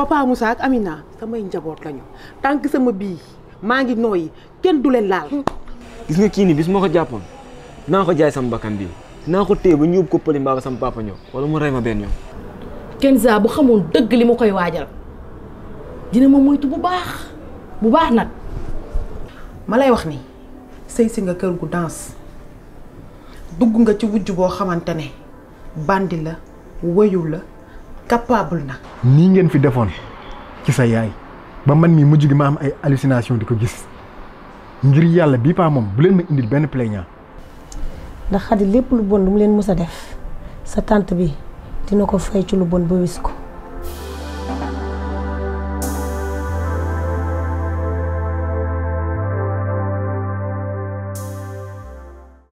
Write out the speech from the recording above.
papa Moussa ak Amina samay njaboot lañu tànk sama bii maa ngi nooyi kenn du leen laal. gis nga kii nii bis ma ko jàppoon naa ko jaay sama bakkan bii naa ko téye ba ñu yóbbu ko pëli mbaa sama papa ñëw wala mu rey ma benn yoon. saa bu xamoon dëgg li ma koy waajal dina ma moytu bu baax bu baax nag ma lay wax ni sëy si nga kër gu danse dugg nga ci wujj boo xamante ne bandi la wëyu la. capable na. nii ngeen fi defoon ci sa yaay ba man mi mujj gi ma am ay hallucination di ko gis ngir yàlla bii paa moom bu leen ma indil benn plaignant. ndax xadi lépp lu bon lu mu leen mës a def sa tànt bi dina ko fay ci lu bon ba wis ko.